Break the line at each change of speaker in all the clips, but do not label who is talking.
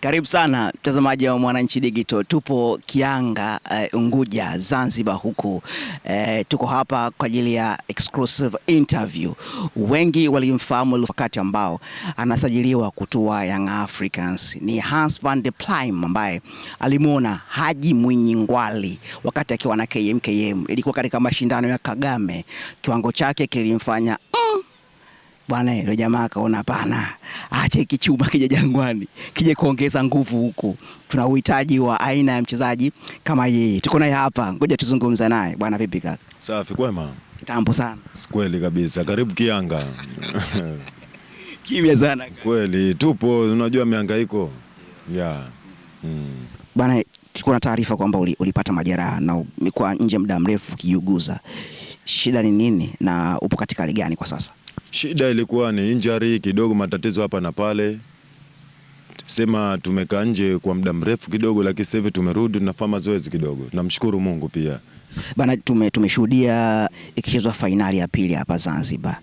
Karibu sana mtazamaji wa Mwananchi Digital, tupo Kianga uh, Unguja Zanzibar huku uh, tuko hapa kwa ajili ya exclusive interview. Wengi walimfahamu wakati ambao anasajiliwa kutua Young Africans, ni hans der Prime ambaye alimwona Haji Mwinyi Ngwali wakati akiwa na KMKM, ilikuwa katika mashindano ya Kagame. Kiwango chake kilimfanya bwana. Yule jamaa akaona hapana, acha hiki chuma kija Jangwani, kije kuongeza nguvu huku. Tuna uhitaji wa aina ya mchezaji kama yeye, tuko naye hapa, ngoja tuzungumza naye. Bwana vipi kaka?
Safi, kwema. Kitambo sana. Kweli kabisa, karibu Kianga.
Kimya sana
kweli, tupo, unajua mihangaiko yeah.
mm. Bwana, tulikuwa na taarifa kwamba ulipata majeraha na umekuwa nje muda mrefu ukiuguza, shida ni nini na upo katika hali gani kwa sasa?
Shida ilikuwa ni injury kidogo, matatizo hapa na pale, sema tumekaa nje kwa muda mrefu kidogo, lakini sasa hivi tumerudi, tunafanya mazoezi kidogo. Namshukuru Mungu pia
bana, tumeshuhudia tume ikichezwa fainali ya pili hapa Zanzibar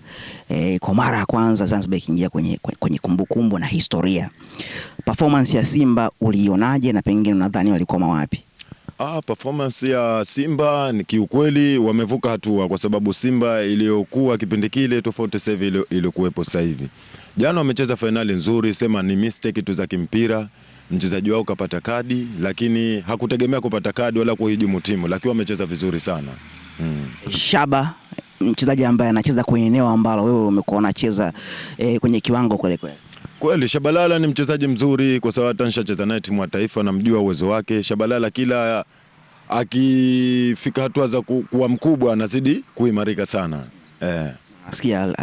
e, kwa mara ya kwanza Zanzibar ikiingia kwenye kwenye kumbukumbu na historia. Performance ya Simba uliionaje, na pengine unadhani walikoma wapi?
Ah, performance ya Simba ni kiukweli wamevuka hatua, kwa sababu Simba iliyokuwa kipindi kile tofauti sasa hivi iliyokuwepo sasa hivi. Jana wamecheza fainali nzuri, sema ni mistake tu za kimpira mchezaji wao kapata kadi, lakini hakutegemea kupata kadi wala kuhijumu timu, lakini wamecheza vizuri sana
hmm. Shaba mchezaji ambaye anacheza kwenye eneo ambalo wewe umekuwa unacheza eh, kwenye kiwango kwelikweli
Kweli Shabalala ni mchezaji mzuri, kwa sababu hata nishacheza naye timu ya taifa, namjua uwezo wake Shabalala. Kila akifika hatua za ku, kuwa mkubwa anazidi kuimarika sana eh.
Nasikia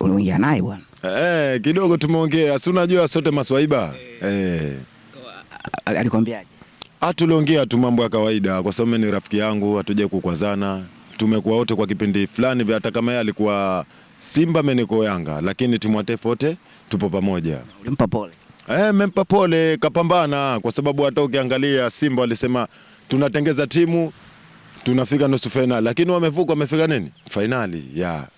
unaongea naye bwana
eh, eh, kidogo tumeongea, si unajua sote maswaiba eh. eh.
Alikwambiaje?
Hatuliongea ah, tu mambo ya kawaida, kwa sababu ni rafiki yangu, hatuja kukwazana tumekuwa wote kwa kipindi fulani, hata kama yeye alikuwa Simba meniko Yanga, lakini timu ya taifa wote tupo pamoja. Ulimpa pole? Eh, mempa pole, kapambana kwa sababu hata ukiangalia Simba walisema tunatengeza timu tunafika nusu fainali, lakini wamevuka, wamefika nini fainali ya yeah.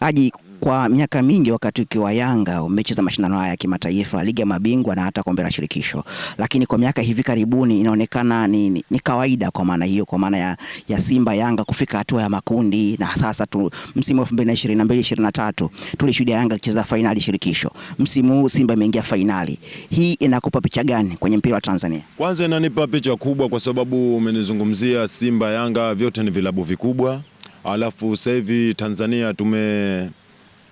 aji kwa miaka mingi wakati ukiwa Yanga umecheza mashindano haya ya kimataifa, ligi ya mabingwa na hata kombe la shirikisho, lakini kwa miaka hivi karibuni inaonekana ni, ni, ni kawaida kwa maana hiyo, kwa maana ya, ya Simba Yanga kufika hatua ya makundi. Na sasa tu, msimu 2022 tulishuhudia Yanga kicheza fainali shirikisho, msimu huu Simba imeingia fainali. Hii inakupa picha gani kwenye mpira wa Tanzania?
Kwanza inanipa picha kubwa, kwa sababu umenizungumzia Simba Yanga, vyote ni vilabu vikubwa, alafu sasa hivi Tanzania tume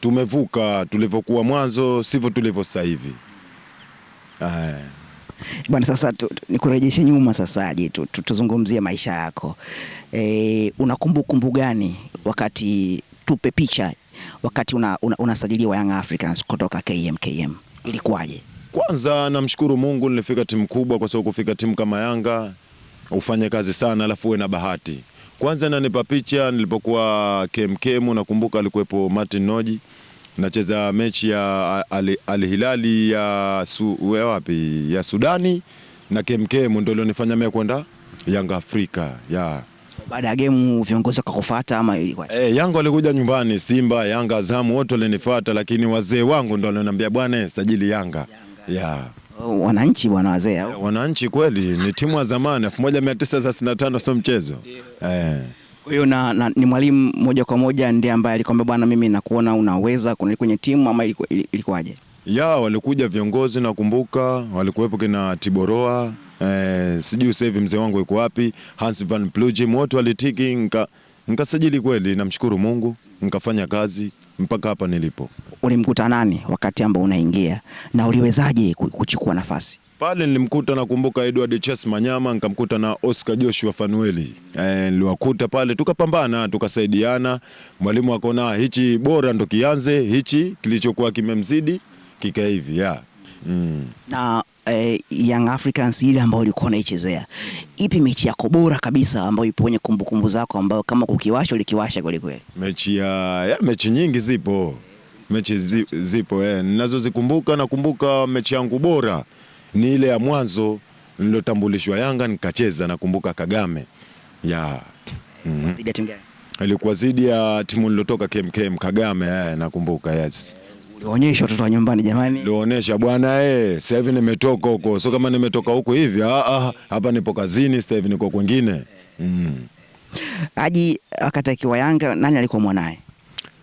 tumevuka tulivyokuwa mwanzo, sivyo tulivyo sasa hivi.
bwana, sasa nikurejeshe nyuma sasa, aje tuzungumzie maisha yako. E, una kumbukumbu gani wakati, tupe picha wakati unasajiliwa una, una Young Africans kutoka KMKM ilikuwaje?
Kwanza namshukuru Mungu nilifika timu kubwa, kwa sababu kufika timu kama Yanga ufanye kazi sana, alafu uwe na bahati kwanza nanipa picha nilipokuwa kemkemu, nakumbuka alikuwepo Martin Noji, nacheza mechi ya alhilali Al ya su, wapi ya Sudani na kemkemu ndio ilionifanya mimi kwenda Yanga Afrika ya
baada ya game viongozi wakakufuata ama ilikuwa
eh, Yanga walikuja nyumbani, Simba, Yanga, Azamu wote walinifuata, lakini wazee wangu ndio walioniambia bwana, sajili Yanga, Yanga. Yeah
wananchi bwana wazee au
wananchi kweli, ni timu ya zamani 1935 sio mchezo Eh.
Kwa hiyo na, na, ni mwalimu moja kwa moja ndiye ambaye alikwambia bwana, mimi nakuona unaweza kuna kwenye timu ama iliku, ilikuwaje?
Ya walikuja viongozi nakumbuka, walikuwepo kina Tiboroa eh, sijui sasa hivi mzee wangu yuko wapi, Hans van Plugim, wote walitiki, nikasajili nika kweli, namshukuru Mungu nikafanya kazi mpaka hapa nilipo.
Ulimkuta nani wakati ambao unaingia na uliwezaje kuchukua nafasi
pale? Nilimkuta nakumbuka Edward Ches Manyama, nikamkuta na Oscar Joshua Fanueli, e, niliwakuta pale tukapambana, tukasaidiana. Mwalimu akaona hichi bora ndo kianze hichi, kilichokuwa kimemzidi kika hivi ya
mm. na eh, Young Africans ile ambayo ulikuwa unaichezea, ipi mechi yako bora kabisa ambayo ipo kwenye kumbukumbu zako ambayo kama kukiwasha ulikiwasha kweli kweli?
Mechi ya, ya mechi nyingi zipo mechi zi, zipo eh, ninazozikumbuka. Nakumbuka mechi yangu bora ni ile ya mwanzo nilotambulishwa Yanga nikacheza, nakumbuka Kagame ya
mm -hmm.
ilikuwa zidi ya timu nilotoka KMKM Kagame eh, nakumbuka yes. yeah
lionyesha watoto wa nyumbani jamani.
Ulionyesha bwana eh, sasa hivi nimetoka huko. Sio kama nimetoka huko hivi. Ah ah, hapa nipo kazini sasa hivi niko kwingine. Mm.
Aji wakati akiwa Yanga nani alikuwa mwanae?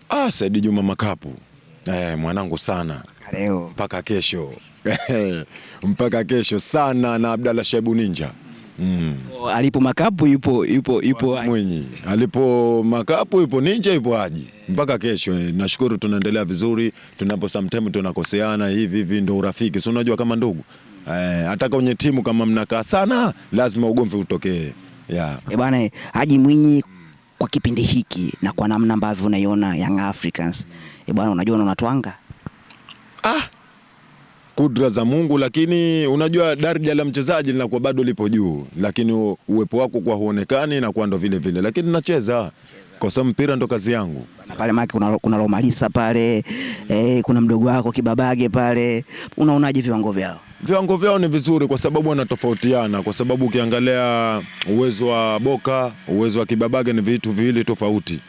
Ah, Saidi Juma Makapu. Eh, mwanangu sana. Leo mpaka kesho. mpaka kesho sana na Abdalla Shaibu Ninja.
Mm. Oh, alipo Makapu yupo yupo yupo
Mwinyi, alipo Makapu yupo Ninja yupo Haji eh. mpaka kesho eh. Nashukuru tunaendelea vizuri, tunapo sometimes tunakoseana hivi hivi, ndo urafiki, si unajua kama ndugu eh, hata kwenye timu kama mnakaa sana lazima ugomvi utokee yeah.
Eh Haji Mwinyi kwa kipindi hiki na kwa namna ambavyo unaiona Young Africans eh bwana, unajua unatwanga
ah kudra za Mungu, lakini unajua daraja la mchezaji linakuwa bado lipo juu, lakini uwepo wako kwa huonekani na kwa ndo vile vile, lakini nacheza kwa sababu mpira ndo kazi yangu
pale maki kuna, kuna Lomalisa pale eh, kuna mdogo wako Kibabage pale. Unaonaje viwango vyao?
Viwango vyao ni vizuri kwa sababu wanatofautiana, kwa sababu ukiangalia uwezo wa Boka, uwezo wa Kibabage ni vitu viwili tofauti.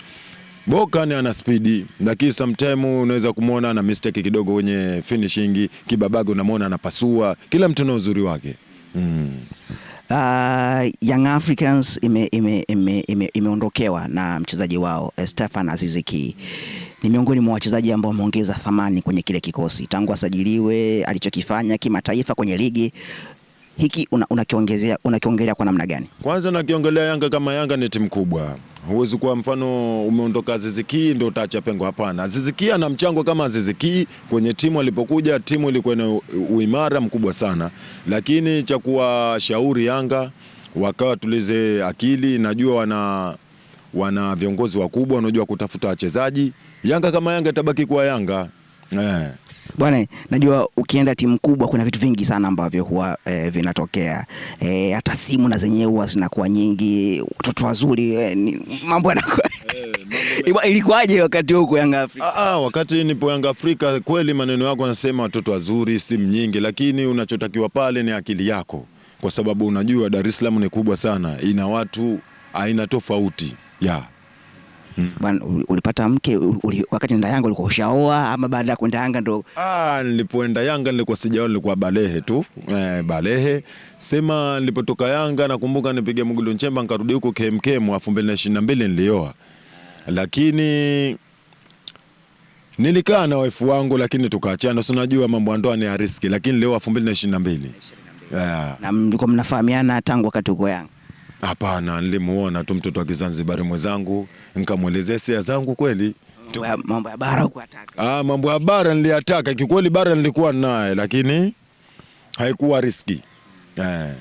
Bokan ana spidi lakini sometime unaweza kumwona ana mistake kidogo kwenye finishing, kibabago unamwona anapasua, kila mtu na uzuri wake mm.
Uh, Young Africans imeondokewa ime, ime, ime na mchezaji wao eh, Stefan Aziziki Ni miongoni mwa wachezaji ambao wameongeza thamani kwenye kile kikosi tangu asajiliwe, alichokifanya kimataifa kwenye ligi hiki unakiongelea una una kwa namna gani?
Kwanza nakiongelea Yanga kama Yanga ni timu kubwa, huwezi kuwa mfano umeondoka Zizikii ndio utaacha pengo. Hapana, ziziki ana mchango kama Zizikii kwenye timu. Alipokuja timu ilikuwa na uimara mkubwa sana, lakini cha kuwashauri Yanga wakawa tulize akili. Najua wana wana viongozi wakubwa, wanajua kutafuta wachezaji. Yanga kama Yanga itabaki kuwa Yanga eh.
Bwana, najua ukienda timu kubwa kuna vitu vingi sana ambavyo huwa e, vinatokea e, hata simu na zenyewe huwa zinakuwa nyingi, watoto wazuri e, mambo yanakuwa ilikuwaje wakati huko Yanga Afrika?
Ah, ah, wakati nipo Yanga Afrika kweli, maneno yako anasema watoto wazuri, simu nyingi, lakini unachotakiwa pale ni akili yako, kwa sababu unajua Dar es Salaam ni kubwa sana, ina watu aina tofauti ya yeah
mm. Bwana, ulipata mke uli, wakati nenda Yanga ulikuwa ushaoa ama baada ya kwenda Yanga ndo?
Ah, nilipoenda Yanga nilikuwa sijaoa, nilikuwa balehe tu eh, balehe sema. Nilipotoka Yanga nakumbuka nipiga mgulu nchemba nikarudi huko KMK mwaka 2022 nilioa, lakini nilikaa na waifu wangu lakini tukaachana. Si unajua mambo ya ndoa ni ya riski, lakini leo 2022 yeah.
na mlikuwa mnafahamiana tangu wakati uko Yanga?
Hapana, nilimuona tu mtoto wa Kizanzibari mwenzangu, nikamwelezea sia zangu kweli.
Mambo ya bara huko
Ah, mambo ya bara niliyataka kikweli, bara nilikuwa naye, lakini haikuwa riski eh.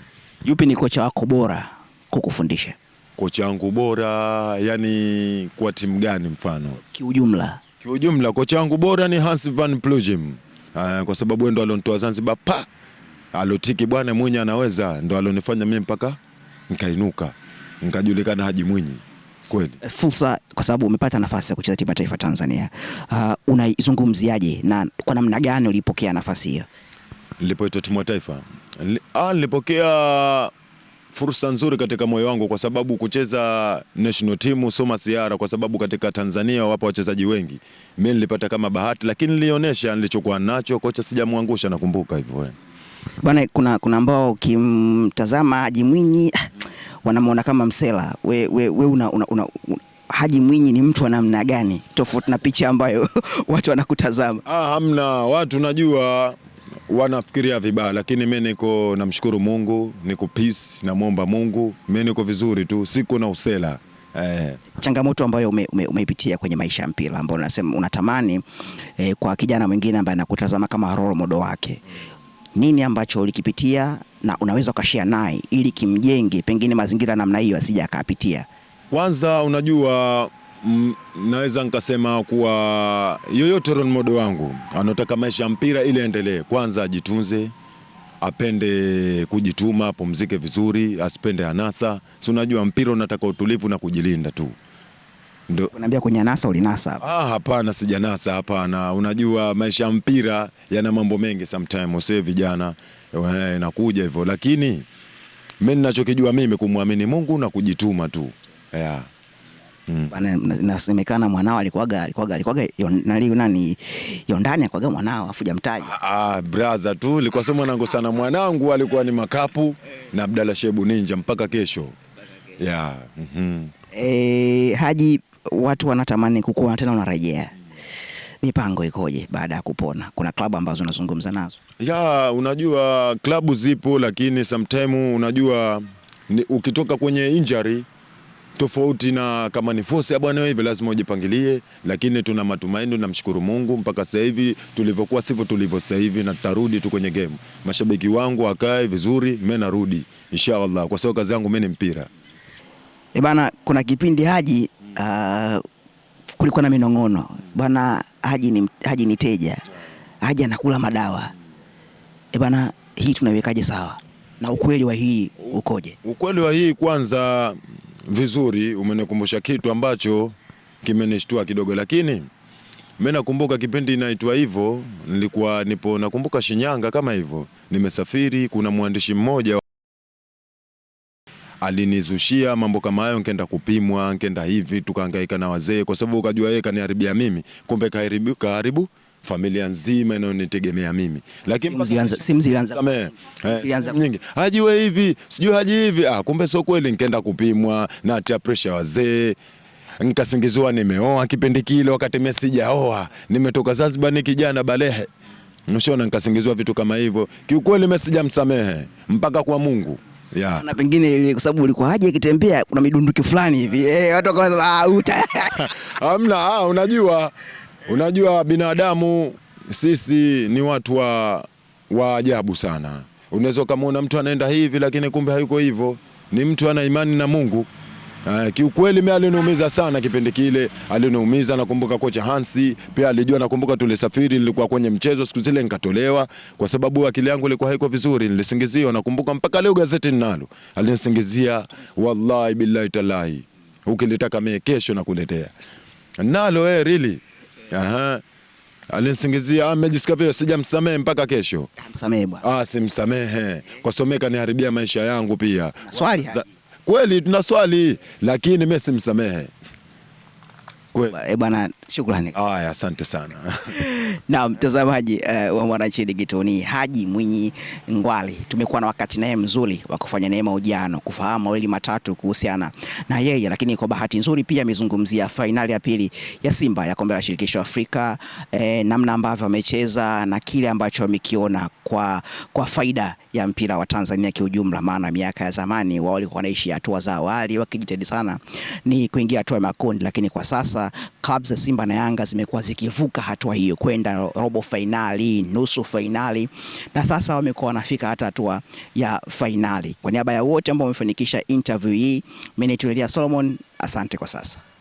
Yupi ni kocha wako bora kukufundisha?
Kocha wangu bora, yani kwa timu gani mfano?
Kiujumla,
kiujumla kocha wangu bora ni Hans van Plugem eh, kwa sababu ndo alonitoa Zanzibar pa alotiki bwana mwenye anaweza, ndo alonifanya mimi mpaka nikainuka nikajulikana Haji Mwinyi kweli.
Fursa kwa sababu umepata nafasi ya kucheza timu ya taifa Tanzania, uh, unaizungumziaje na kwa namna gani ulipokea nafasi hiyo?
Nilipoitwa timu ya taifa ah, nilipokea fursa nzuri katika moyo wangu, kwa sababu kucheza national team sio masiara, kwa sababu katika Tanzania wapo wachezaji wengi. Mimi nilipata kama bahati, lakini nilionyesha nilichokuwa nacho. Kocha sijamwangusha, nakumbuka hivyo eh.
bwana. Kuna kuna ambao ukimtazama Haji Mwinyi ah, wanamuona kama msela. We, we, we una, una, una, Haji Mwinyi ni mtu wa namna gani tofauti na picha ambayo watu wanakutazama?
Ah, hamna watu najua wanafikiria vibaya, lakini mimi niko namshukuru Mungu, niko peace, namwomba Mungu, mimi niko vizuri tu, siko na usela eh.
Changamoto ambayo umeipitia ume, ume kwenye maisha ya mpira ambayo unasema unatamani eh, kwa kijana mwingine ambaye anakutazama kama role model wake, nini ambacho ulikipitia na unaweza ukashare naye ili kimjenge, pengine mazingira namna hiyo asija akapitia.
Kwanza unajua M, mm, naweza nikasema kuwa yoyote role model wangu anaotaka maisha ya mpira ili aendelee, kwanza ajitunze, apende kujituma, apumzike vizuri, asipende anasa Si unajua mpira unataka utulivu na kujilinda tu.
ndo unaambia kwenye anasa ulinasa hapa?
Ah, hapana, sijanasa, hapana. Unajua maisha ya mpira yana mambo mengi sometimes, usee vijana we, eh, nakuja hivyo, lakini mimi ninachokijua mimi kumwamini Mungu na kujituma tu yeah.
Mm. nasemekana mwanao alikuwaga alikuwaga alikuwaga nani Yondani akwaga mwanao afuja mtaji.
Ah, ah, brother tu ilikuwa sio mwanangu sana, mwanangu alikuwa ni makapu na Abdalla Shebu Ninja mpaka kesho yeah. mm -hmm.
E, Haji, watu wanatamani kukuona tena unarejea mipango ikoje baada ya kupona? Kuna klabu ambazo unazungumza nazo?
Ya, unajua klabu zipo, lakini sometime unajua ni, ukitoka kwenye injury tofauti na kama ni force bwana, hivi lazima ujipangilie, lakini tuna matumaini. Namshukuru Mungu mpaka sasa hivi tulivyokuwa sivyo tulivyo sasa hivi, na tutarudi tu kwenye game. Mashabiki wangu wakae vizuri, mimi narudi inshallah, kwa sababu kazi yangu mimi ni mpira.
E bana, kuna kipindi Haji uh, kulikuwa na minong'ono, bwana Haji ni, Haji ni teja, Haji anakula madawa e eh, bana, hii tunaiwekaje sawa na ukweli wa hii ukoje?
Ukweli wa hii kwanza, vizuri, umenikumbusha kitu ambacho kimenishtua kidogo, lakini mimi nakumbuka kipindi inaitwa hivyo, nilikuwa nipo nakumbuka Shinyanga kama hivyo, nimesafiri, kuna mwandishi mmoja alinizushia mambo kama hayo, nikaenda kupimwa, nikaenda hivi, tukahangaika na wazee, kwa sababu ukajua yeye kaniharibia mimi, kumbe kaharibu, kaharibu familia nzima inayonitegemea mimi, lakini zilianza eh, zilianza simu nyingi hajiwe hivi sijui haji hivi ah, kumbe sio kweli. Nikaenda kupimwa na tia pressure wazee, nikasingiziwa nimeoa kipindi kile, wakati mimi sijaoa, nimetoka Zanzibar ni kijana balehe, unaona, nikasingiziwa vitu kama hivyo. Kiukweli mimi sijamsamehe mpaka kwa Mungu. Yeah.
Na pengine ile kwa sababu ulikuwa haja kitembea kuna midunduki fulani hivi. Eh, watu wakaanza ah uta.
Hamna, ah, unajua. Unajua binadamu sisi ni watu wa wa ajabu sana. Unaweza ukamwona mtu anaenda hivi lakini kumbe hayuko hivyo. Ni mtu ana imani na Mungu. Eh, kiukweli mimi aliniumiza sana kipindi kile, aliniumiza. Nakumbuka kocha Hansi pia alijua, nakumbuka tulisafiri, nilikuwa kwenye mchezo siku zile nikatolewa kwa sababu akili yangu ilikuwa haiko vizuri, nilisingiziwa. Nakumbuka mpaka leo gazeti ninalo, alinisingizia wallahi billahi talahi, ukilitaka mimi kesho nakuletea nalo. Eh, really aha alinisingizia amejisikia ah, vile, sijamsamehe mpaka kesho.
Msamehe bwana,
ah, simsamehe kwa someka niharibia maisha yangu pia. Swali Kweli tuna swali, lakini mimi simsamehe
eh, bwana, shukrani.
Haya, asante sana.
Na mtazamaji uh, wa Mwananchi Digital ni Haji Mwinyi Ngwali. Tumekuwa na wakati naye mzuri wa kufanya naye mahojiano, kufahamu mawili matatu kuhusiana na yeye, lakini kwa bahati nzuri pia amezungumzia fainali ya pili ya Simba ya kombe la shirikisho Afrika eh, namna ambavyo amecheza na kile ambacho amekiona kwa, kwa faida ya mpira wa Tanzania kiujumla, maana miaka ya zamani wao walikuwa wanaishi hatua za awali wakijitahidi sana ni kuingia hatua ya makundi, lakini kwa sasa clubs za Simba na Yanga zimekuwa zikivuka hatua hiyo kwenda robo fainali, nusu fainali na sasa wamekuwa wanafika hata hatua ya fainali. Kwa niaba ya wote ambao wamefanikisha interview hii, mimi ni Tulia Solomon, asante kwa sasa.